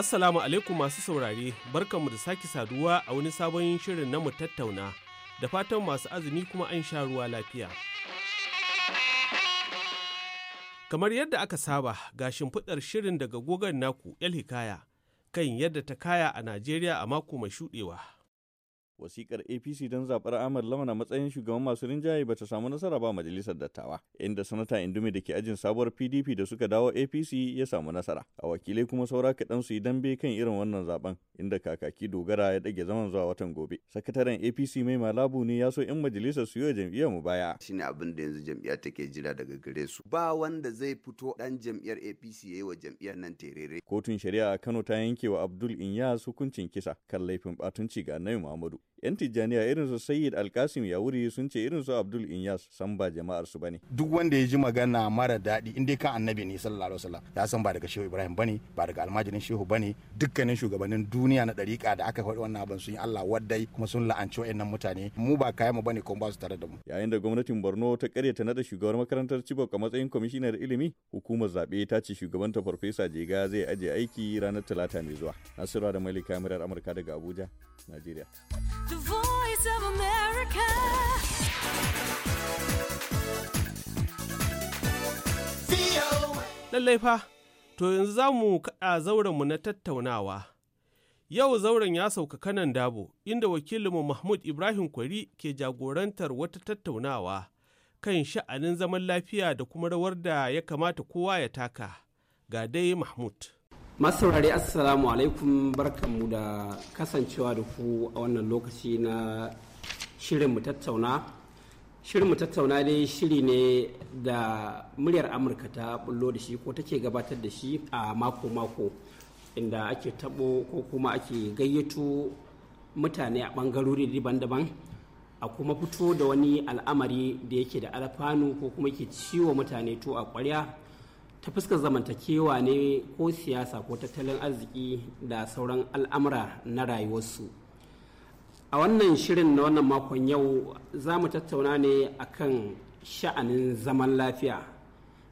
Assalamu alaikum masu saurare, barkanmu da sake saduwa a wani sabon shirin na mu tattauna, da fatan masu azumi kuma an sha ruwa lafiya. Kamar yadda aka saba, ga shimfiɗar shirin daga gogon naku 'yar Hikaya kan yadda ta kaya a Najeriya a mako mai shuɗewa. wasikar apc don zaɓar ahmad lamana matsayin shugaban masu rinjaye ba ta samu nasara ba majalisar dattawa inda sanata indumi da ke ajin sabuwar pdp da suka dawo apc ya samu nasara a wakilai kuma saura kaɗan su yi dambe kan irin wannan zaben inda kakaki dogara ya dage zaman zuwa watan gobe sakataren apc mai malabu ne ya so 'yan majalisar su yi wa jam'iyyar mu baya shine abin da yanzu jam'iyyar take jira daga gare su ba wanda zai fito dan jam'iyyar apc ya yi wa jam'iyyar nan terere kotun shari'a a kano ta yanke wa abdul inyas hukuncin kisa kan laifin batunci ga nayi muhammadu 'yan tijjaniya irin su sayyid alkasim wuri sun ce irin su abdul inyas san ba jama'ar su bane duk wanda ya ji magana mara daɗi inda dai kan annabi ne sallallahu alaihi wasallam ya san ba daga shehu ibrahim bane ba daga almajirin shehu bane dukkanin shugabannin duniya na dariƙa da aka faɗi wannan abin sun yi allah waddai kuma sun la'anci wa'annan mutane mu ba kayan mu bane kuma ba su tare da mu yayin da gwamnatin borno ta ta nada shugabar makarantar chibok a matsayin kwamishinar ilimi hukumar zaɓe ta ce shugabanta farfesa jega zai ajiye aiki ranar talata mai zuwa nasira da malika kamerar amurka daga abuja najeriya The voice of America. Lallai fa, to yanzu za mu kaɗa zaurenmu na tattaunawa. Yau zauren ya sauka kanan dabo, inda wakilinmu Mahmud Ibrahim Kwari ke jagorantar wata tattaunawa kan sha'anin zaman lafiya da kuma rawar da ya kamata kowa ya taka. Ga dai Mahmud. masu assalamu alaikum barkanmu da kasancewa da ku a wannan lokaci na shirin mu tattauna shirin mu tattauna dai shiri ne da muryar amurka ta bullo da shi ko take gabatar da shi a mako-mako inda ake tabo ko kuma ake gayyato mutane a bangarori daban-daban a kuma fito da wani al'amari da yake da alfanu ko kuma ke ciwo mutane to a kwarya ta fuskar zamantakewa ne ko siyasa ko tattalin arziki da sauran al'amura na rayuwarsu a wannan shirin na wannan makon yau za mu tattauna ne akan sha'anin zaman lafiya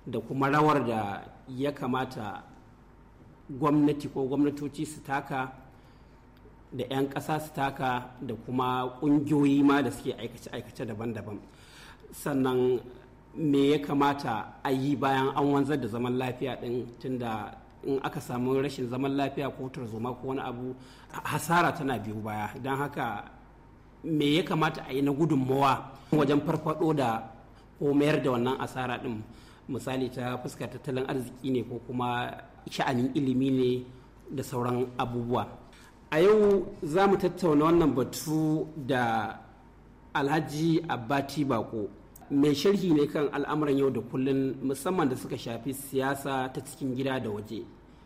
da kuma rawar da ya kamata gwamnati ko gwamnatoci su taka da 'yan ƙasa su taka da kuma ƙungiyoyi ma da suke aikace-aikace daban-daban sannan me ya kamata a yi bayan an wanzar da zaman lafiya din tunda in aka samu rashin zaman lafiya ko tarzoma ko wani abu hasara tana biyu baya don haka me ya kamata a yi na gudunmawa wajen farfado da ko mayar da wannan asara din misali ta fuska tattalin arziki ne ko kuma sha'anin ilimi ne da sauran abubuwa a yau za mu tattauna wannan batu da alhaji abati bako mai sharhi ne kan al'amuran yau da kullun musamman da suka shafi siyasa ta cikin gida da waje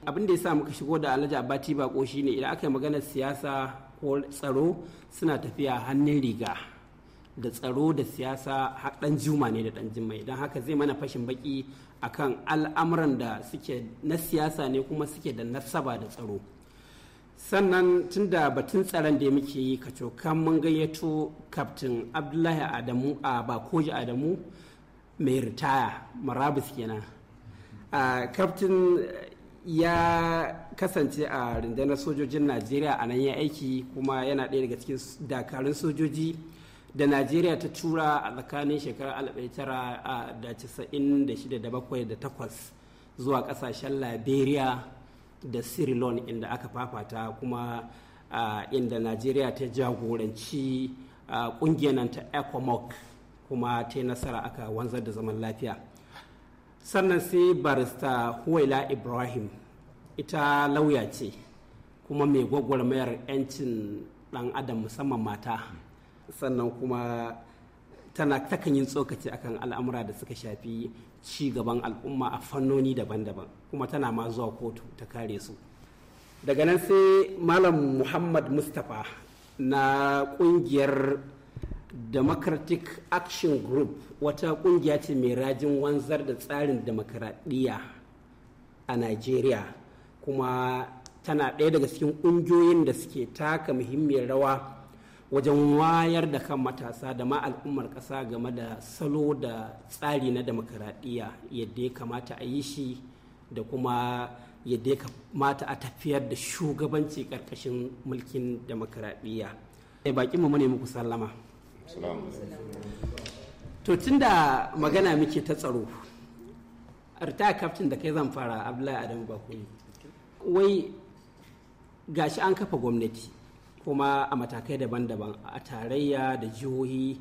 abin da ya sa muka shigo da alhaji abati bako shine idan aka yi maganar siyasa ko tsaro suna tafiya hannun riga da tsaro da siyasa dan juma ne da dan jimai don haka zai mana fashin baki akan al'amuran da suke na siyasa ne kuma suke da nasaba da tsaro sannan tunda batun tsaron da muke yi ka cokan mun gayyato kaftin abdullahi adamu a bakoji adamu mai ritaya marabus kenan kaftin eh, ya kasance a rundunar sojojin najeriya a nan ya aiki kuma yana ɗaya daga cikin dakarun sojoji da najeriya ta tura a tsakanin shekarar 1996 da 8 zuwa ƙasashen liberia da sirilon inda aka fafata kuma inda najeriya ta jagoranci kungiyar nan ta ecomoc kuma ta yi nasara aka wanzar da zaman lafiya sannan sai barista huwaila ibrahim ita lauya ce kuma mai gwagwarmayar 'yancin dan adam musamman mata sannan kuma tana takan yin tsokaci akan al'amura da suka shafi ci gaban al'umma a fannoni daban-daban kuma tana ma zuwa kotu ta kare su daga nan sai malam muhammad mustapha na kungiyar democratic action group wata kungiya ce mai rajin wanzar da tsarin demokradiyya a nigeria kuma tana ɗaya daga cikin ƙungiyoyin da suke taka muhimmiyar rawa wajen wayar da kan matasa da ma al'ummar ƙasa game da salo da tsari na demokaradiyya yadda ya kamata a yi shi da kuma yadda ya kamata a tafiyar da shugabanci ƙarƙashin mulkin demokaradiyya eh, baƙin mu ne muku sallama to tun da magana muke ta tsaro arta kaftin da kai zan fara abdullahi adamu bakuni wai gashi an kafa gwamnati kuma a matakai daban-daban a tarayya da jihohi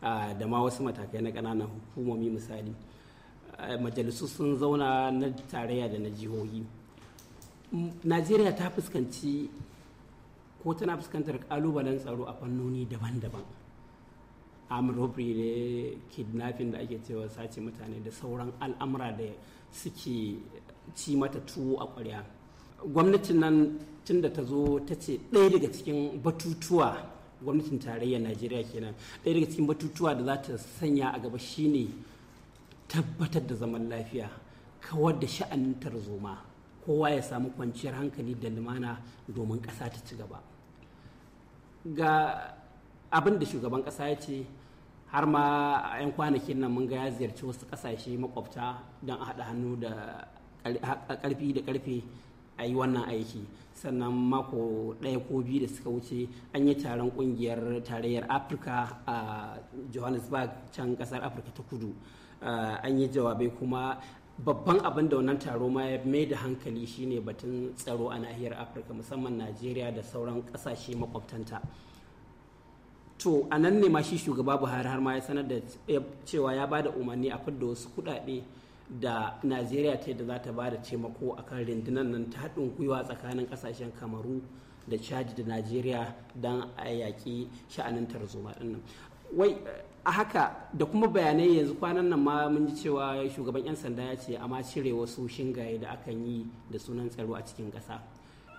da ma wasu matakai na ƙananan hukumomi misali majalisu sun zauna na tarayya da na jihohi najeriya ta fuskanci ko tana fuskantar ƙalubalen tsaro a fannoni daban-daban armed robbery ne kidnapping da ake cewa sace mutane da sauran al'amura da suke ci mata tuwo a ƙwarya gwamnatin nan tun da ta zo ta ce ɗaya daga cikin batutuwa gwamnatin tarayyar najeriya kenan ɗaya daga cikin batutuwa da za ta sanya a gaba shine tabbatar da zaman lafiya kawar da sha'anin tarzoma kowa ya samu kwanciyar hankali da lumana domin ƙasa ta ci gaba ga abin da shugaban ƙasa ya ce har ma a 'yan kwanakin nan mun ga ya ziyarci wasu ƙasashe makwabta don a haɗa hannu da ƙarfi da ƙarfe a yi wannan aiki sannan mako ɗaya ko biyu da suka wuce an yi taron ƙungiyar tarayyar afirka a johannesburg can ƙasar afirka ta kudu eh, an yi jawabai kuma babban abin da wannan taro ma ya mai da hankali shine batun tsaro a nahiyar afirka musamman najeriya da sauran ƙasashe makwabtanta to a nan ne ma shi shugaba buhari har ma ya sanar da cewa ya ba da umarni a fidda wasu kuɗaɗe da najeriya ta yadda za ta ba da taimako a kan rundunar nan ta haɗin gwiwa tsakanin ƙasashen kamaru da chad da najeriya don a yaƙi sha'anin tarzoma ɗin nan wai a haka da kuma bayanai yanzu kwanan nan ma mun ji cewa shugaban 'yan sanda ya ce amma cire wasu shingaye da akan yi da sunan tsaro a cikin ƙasa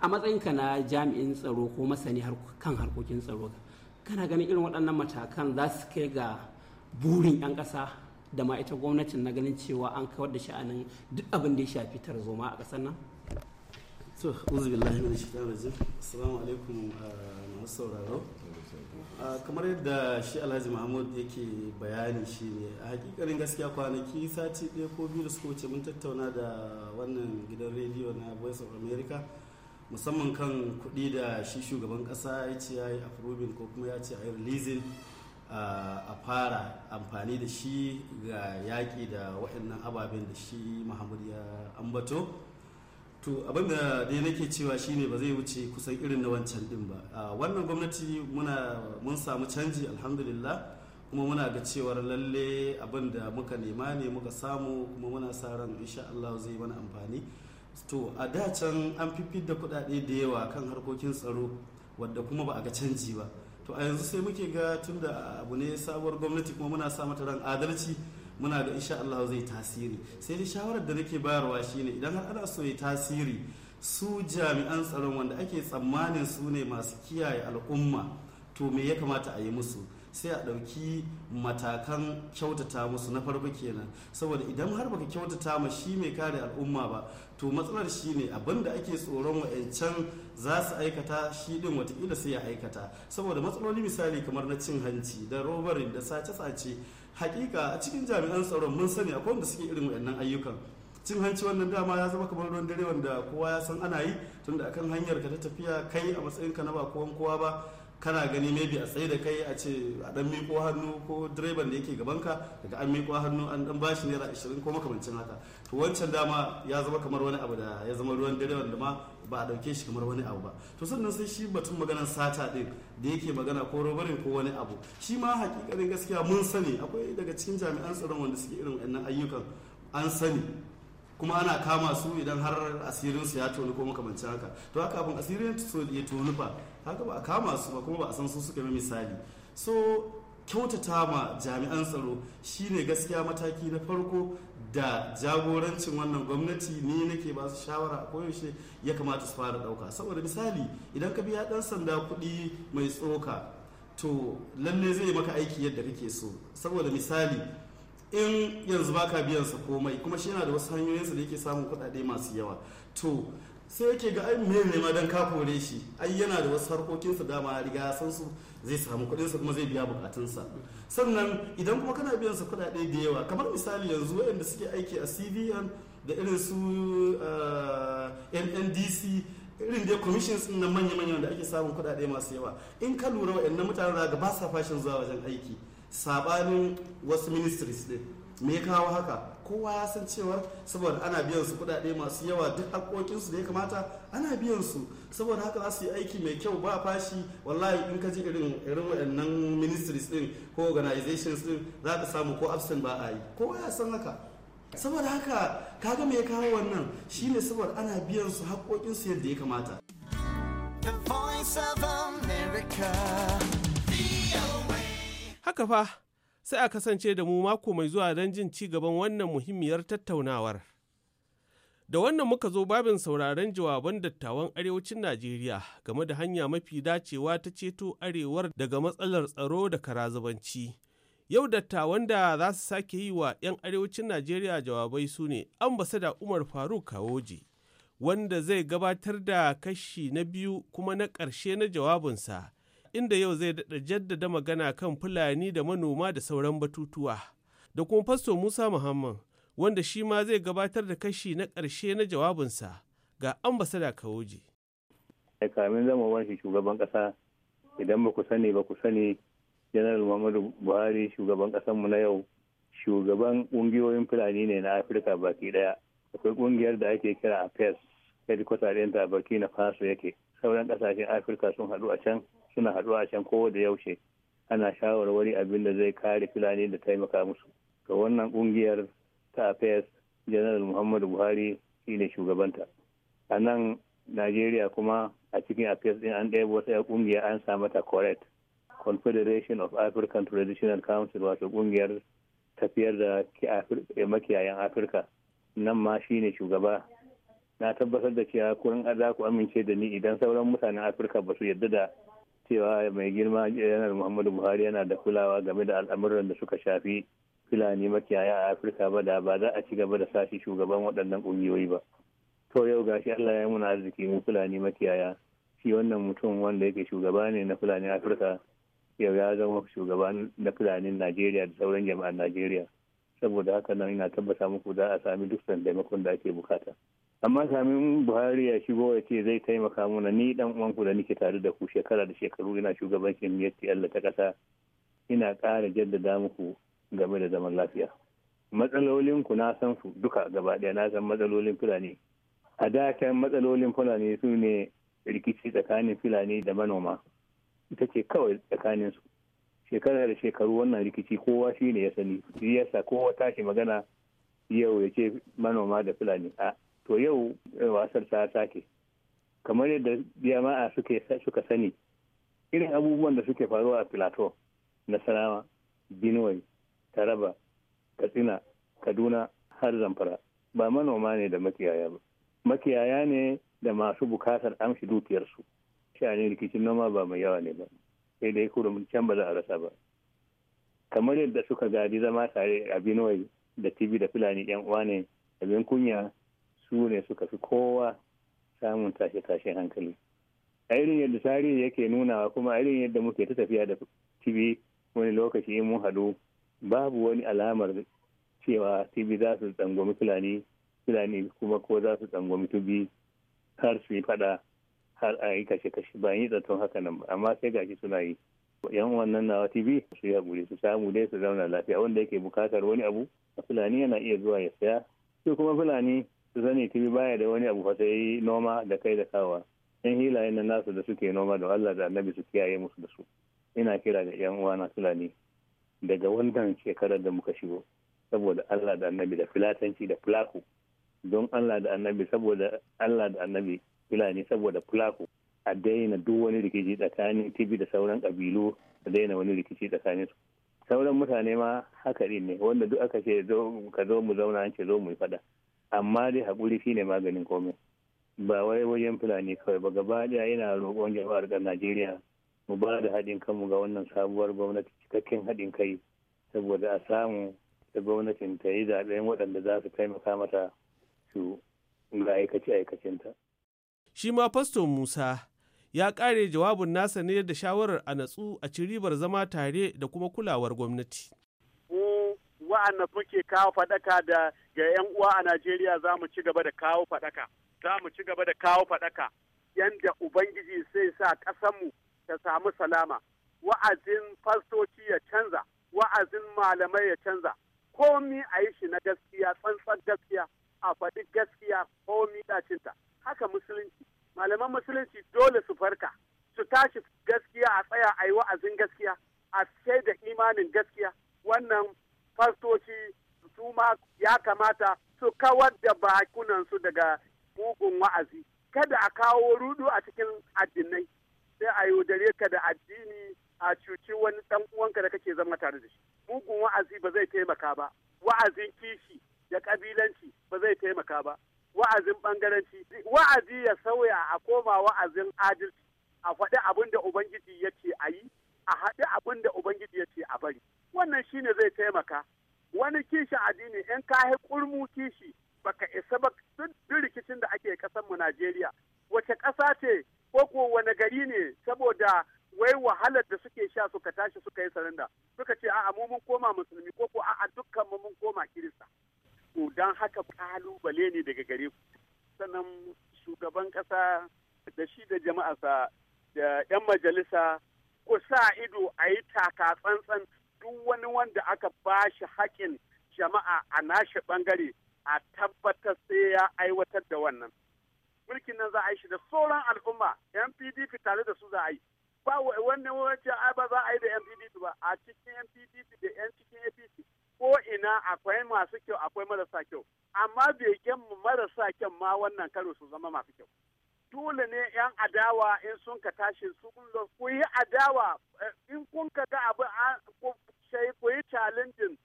a matsayinka na jami'in tsaro ko masani kan harkokin tsaro kana ganin irin waɗannan matakan za su kai ga burin 'yan ƙasa da ma ita gwamnatin na ganin cewa an kawar da sha'anin duk abin da ya shafi tarzoma a kasar nan to uzubillahi shi shaitanir rajim assalamu alaikum uh, masu sauraro uh, kamar yadda shi alhaji mahmud yake bayani shi ne a hakikarin gaskiya kwanaki sati ɗaya ko biyu da suka wuce mun tattauna da wannan gidan rediyo na voice of america musamman kan kuɗi da shi shugaban ƙasa ya ce ya yi approving ko kuma ya ce a yi releasing a fara amfani da shi ga yaƙi da waɗannan ababen da shi muhammadu ya ambato to abinda da nake cewa shine ba zai wuce kusan irin na wancan din ba wannan gwamnati mun samu canji alhamdulillah kuma muna ga cewar lalle abin da muka nema ne muka samu kuma muna sa ran insha Allah zai mana amfani to a da can an fifid da kuɗaɗe da yawa kan harkokin tsaro wadda kuma ba a ga canji ba to a yanzu sai muke ga tunda abu ne sabuwar gwamnati kuma muna sa mata ran adalci muna ga insha Allah zai tasiri sai dai shawarar da nake bayarwa shine idan har ana so ya tasiri su jami'an tsaron wanda ake tsammanin su ne masu kiyaye al'umma to me ya kamata a yi musu sai a ɗauki matakan kyautata musu na farko kenan saboda idan har baka kyautata ma shi mai kare al'umma ba to matsalar shi ne abinda ake tsoron wa'ancan za su aikata shi din watakila sai ya aikata saboda matsaloli misali kamar na cin hanci da robarin da sace-sace hakika a cikin jami'an tsaron mun sani akwai wanda suke irin wa'annan ayyukan cin hanci wannan dama ya zama kamar ruwan dare wanda kowa ya san ana yi tunda akan hanyar ka ta tafiya kai a matsayin ka na ba kowan kowa ba kana gani maybe a tsaye da kai a ce a dan miko hannu ko direban da yake ka daga an miko hannu an dan bashi naira ashirin ko makamancin haka to wancan dama ya zama kamar wani abu da ya zama ruwan dare wanda ma ba a dauke shi kamar wani abu ba to sannan sai shi batun maganar sata din da yake magana ko robarin ko wani abu shi ma hakikanin gaskiya mun sani akwai daga cikin jami'an tsaron wanda suke irin wannan ayyukan an sani kuma ana kama su idan har asirin su ya toni ko makamancin haka to haka abin asirin su ya toni ba haka ba a kama su ba kuma ba a san su suka yi misali so kyautata ma jami'an tsaro shine gaskiya mataki na farko da jagorancin wannan gwamnati ne nake ba su shawara a koyaushe ya kamata su fara dauka saboda misali idan ka biya dan sanda kuɗi mai tsoka to lalle zai maka aiki yadda kake so saboda misali in yanzu baka biyan sa komai kuma shi yana da wasu hanyoyinsa da yake samun kuɗaɗe masu yawa to sai yake ga ai mai ne dan ka kore shi ai yana da wasu harkokinsa dama riga ya san su zai samu kuɗinsa kuma zai biya sa sannan idan kuma kana biyan sa kuɗaɗe da yawa kamar misali yanzu waɗanda suke aiki a CVN da irin su eh, NNDC irin dai commissions nan manya-manya da ake samun kuɗaɗe masu yawa in ka lura waɗannan mutanen da ba sa fashin zuwa wajen aiki sabanin wasu ministries din me ya kawo haka kowa ya san cewa saboda ana biyan su kudade masu yawa duk haƙoƙinsu da ya kamata ana biyan su saboda haka za su yi aiki mai kyau ba fashi wallahi in ka ji irin irin waɗannan ministries din ko organizations din za ka samu ko absent ba a yi kowa ya san haka saboda haka kaga me ya kawo wannan shine saboda ana biyan su haƙoƙinsu yadda ya kamata The voice of America. Haka fa, sai a kasance da mu mako mai zuwa don jin ci gaban wannan muhimmiyar tattaunawar. Da wannan muka zo babin sauraron jawaban dattawan arewacin Najeriya game da hanya mafi dacewa ta ceto arewar daga matsalar tsaro da karazabanci. Yau dattawan da za su sake yi wa 'yan arewacin Najeriya jawabai su ne ambasada Umar Faruk Kawoji, wanda zai gabatar da kashi na biyu kuma na ƙarshe na jawabinsa. inda yau zai daɗa jaddada magana kan Fulani da manoma da sauran batutuwa. Da kuma Fasto Musa Muhammad, wanda shi ma zai gabatar da kashi na ƙarshe na jawabinsa ga ambasada Kawoji. Kamin zama wani shugaban ƙasa, idan ba ku sani ba ku sani, Janar Muhammadu Buhari shugaban ƙasanmu na yau, shugaban ƙungiyoyin Fulani ne na Afirka baki ɗaya. Akwai ƙungiyar da ake kira APES, headquarter ɗinta na Faso yake. Sauran ƙasashen Afirka sun haɗu a can suna haɗu a can kowa da yaushe ana shawarwari abin da zai kare fulani da taimaka musu ga wannan ƙungiyar ta affairs general muhammadu buhari shine shugabanta a nan najeriya kuma a cikin affairs din an ɗaya wata ya ƙungiya an samu ta correct confederation of african traditional council wato ƙungiyar tafiyar da eh, makiyayan afirka nan ma shine shugaba na tabbatar da cewa kurin aza ku amince da ni idan sauran mutanen afirka ba su yarda da cewa mai girma janar muhammadu buhari yana da kulawa game da al'amuran da suka shafi fulani makiyaya a afirka ba da ba za a ci gaba da sashi shugaban waɗannan ƙungiyoyi ba to yau gashi allah ya muna arziki mu fulani makiyaya shi wannan mutum wanda yake shugaba ne na fulani afirka yau ya zama shugaba na fulani najeriya da sauran jama'ar najeriya saboda haka nan ina tabbata muku za a sami duk taimakon da ake bukata. amma kamin buhari ya shigo ya ce zai taimaka mana ni dan uwanku da nike tare da ku shekara da shekaru ina shugabancin yatti allah ta kasa ina kara jaddada muku game da zaman lafiya ku na san su duka gaba ɗaya na san matsalolin fulani a da matsalolin fulani su ne rikici tsakanin fulani da manoma ita ce kawai tsakanin su shekara da shekaru wannan rikici kowa shine ya sani shi yasa kowa tashi magana yau ya ce manoma da fulani a to yau eh, wasar ta sake kamar yadda jama'a suka sani irin abubuwan da suke faruwa a filato na sanawa binuwai taraba katsina kaduna har zamfara ba manoma ne da makiyaya ba makiyaya ne da masu bukatar amshi dukiyarsu sha'anin rikicin noma ba mai yawa ne ba sai dai kurum can ba za a rasa ba kamar yadda suka gadi zama tare a binuwai da tibi da fulani yan uwa ne abin kunya su ne suka fi kowa samun tashe-tashen hankali a irin yadda tarihi yake nunawa kuma a irin yadda muke ta tafiya da tibi wani lokaci in mun hadu babu wani alamar cewa tibi za su tsangwami fulani fulani kuma ko za su tsangwami tubi har su yi fada har a yi kashe-kashe ba yi tsaton haka nan ba amma sai gashi suna yi yan wannan nawa tv su yi haƙuri su samu dai su zauna lafiya wanda yake bukatar wani abu a fulani yana iya zuwa ya saya sai kuma fulani zani tibi baya da wani abu fata yi noma da kai da kawa yan hilayen na nasu da suke noma da Allah da annabi su kiyaye musu da su ina kira da yan uwana fulani daga wannan shekarar da muka shigo saboda Allah da annabi da filatanci da fulaku don Allah da annabi saboda Allah da annabi fulani saboda fulaku a daina duk wani rikici tsakanin tibi da sauran kabilu a daina wani rikici tsakanin su sauran mutane ma haka ne wanda duk aka ce ka zo mu zauna an ce zo mu yi fada amma dai haƙuri ne maganin komai ba wai wajen fulani kawai ba gaba daya yana roƙon jama'ar ga najeriya mu ba da haɗin kanmu ga wannan sabuwar gwamnati cikakken haɗin kai saboda a samu da gwamnatin ta yi zaɓen waɗanda za su taimaka mata su ga aikace aikacinta. shi ma fasto musa ya ƙare jawabin nasa ne da shawarar a natsu a ci ribar zama tare da kuma kulawar gwamnati. mu wa'anda muke kawo faɗaka da ga 'yan uwa a Najeriya za mu ci gaba da kawo faɗaka. Za mu ci gaba da kawo faɗaka. Yanda Ubangiji sai sa mu ta samu salama. Wa'azin fastoci ya canza. Wa'azin malamai ya canza. Komi a yi shi na gaskiya, tsantsan gaskiya, a faɗi gaskiya, komi ɗacinta Haka musulunci. Malaman musulunci dole su farka. Su tashi gaskiya a tsaya a yi wa'azin gaskiya. A sai da imanin gaskiya. Wannan fastoci su ma ya kamata su kawar da bakunansu daga mugun wa'azi kada a kawo rudu a cikin addinai sai a yaudare ka da addini a cuci wani dan uwanka da kake zama tare da shi mugun wa'azi ba zai taimaka ba wa'azin kishi da kabilanci ba zai taimaka ba wa'azin bangaranci wa'azi ya sauya a koma wa'azin adalci a faɗi abin da ubangiji ya ce addini in ka yi kurmu kishi baka isa ba duk rikicin da ake ƙasar mu Najeriya wace ƙasa ce ko ko wani gari ne saboda wai wahalar da suke sha suka tashi suka yi saranda suka ce a'a mu mun koma musulmi ko ko a'a dukkan mu mun koma kirista to dan haka kalubale ne daga gare ku sannan shugaban ƙasa da shi da jama'arsa da 'yan majalisa ku sa ido a yi taka tsantsan duk wani wanda aka ba shi haƙin jama'a a nashi bangare a tabbatar sai ya aiwatar da wannan mulkin nan za a yi shi da sauran al'umma yan pdp tare da su za a yi ba wannan wancan ai ba za a yi da yan pdp ba a cikin mpdp da yan cikin apc ko ina akwai masu kyau akwai marasa kyau amma begen marasa kyau ma wannan karo su zama masu kyau dole ne yan adawa in sun ka tashi su ku yi adawa eh, in kun ka ga abu ku yi challenging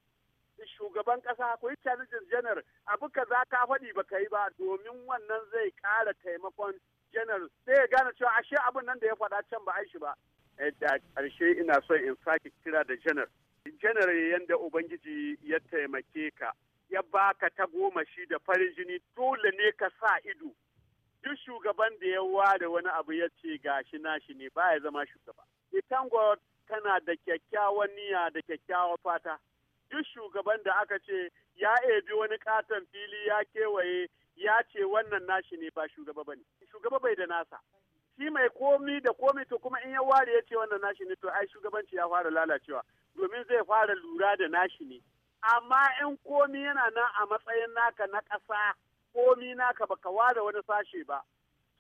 shugaban kasa ku yi challenges janar abu za ka faɗi ba ka yi ba domin wannan zai ƙara taimakon janar sai ya gane cewa ashe abin nan da ya faɗa can ba a shi ba. Eh, da ƙarshe ina so in sake kira da janar. Janar yadda Ubangiji ya taimake ka ya baka ta goma shi da farin jini dole ne ka sa ido. Duk shugaban da ya ware wani abu ya ce ga gashi nashi ne ba ya zama shugaba. Itango tana da kyakkyawan niyya da kyakkyawan fata. duk shugaban da aka ce ya ebi wani katon fili ya kewaye ya ce wannan nashi ne ba shugaba ba ne shugaba bai da nasa shi mai komi da komi to kuma in ya ware ya ce wannan nashi ne to ai shugabanci ya fara lalacewa domin zai fara lura da nashi ne amma in komi yana nan a matsayin naka na ƙasa komi naka baka ware wani sashe ba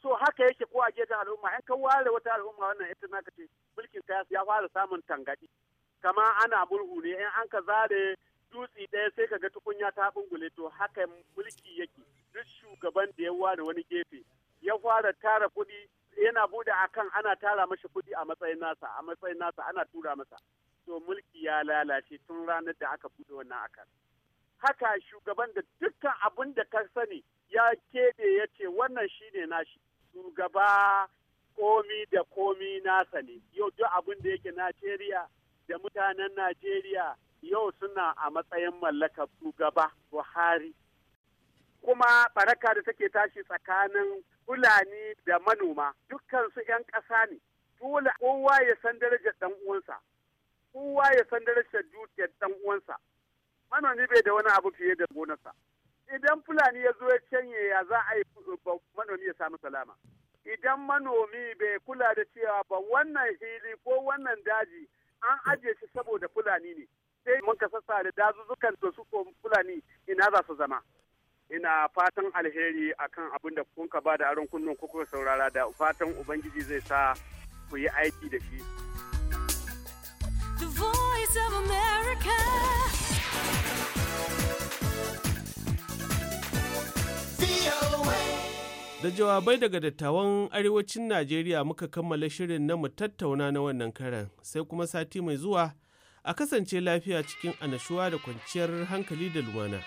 so haka yake ko a gefen al'umma in ka ware wata al'umma wannan ita naka ce mulkin ka ya fara samun tangaɗi kama ana mulhu ne in an ka zare dutsi ɗaya sai ka ga tukunya ta bungule to haka mulki yake duk shugaban da ya ware wani gefe ya fara tara kuɗi yana bude akan ana tara mashi kuɗi a matsayin nasa a matsayin nasa ana tura masa to mulki ya lalace tun ranar da aka bude wannan akan haka shugaban da dukkan abun da ka sani ya keɓe ya ce wannan shine nashi shugaba komi da komi nasa ne yau duk abun da yake Najeriya da mutanen Najeriya yau suna a matsayin mallakar shugaba Buhari. Kuma baraka da take tashi tsakanin Fulani da manoma dukkansu 'yan ƙasa ne. Dole kowa ya san darajar ɗan uwansa. Kowa ya san darajar dukiyar ɗan uwansa. Manomi bai da wani abu fiye da gonarsa. Idan Fulani ya zo ya canye ya za a yi manomi ya samu salama. Idan manomi bai kula da cewa ba wannan hili ko wannan daji an ajiye shi saboda fulani ne sai mun ka sassa da dazuzzukan da su ko fulani ina za su zama ina fatan alheri akan abin da kun ka bada aron kunnun kuka saurara da fatan ubangiji zai sa ku yi aiki da shi The of America Da jawabai daga dattawan arewacin Najeriya muka kammala shirin na mu tattauna na wannan karan sai kuma sati mai zuwa a kasance lafiya cikin anashuwa da kwanciyar hankali da lumana.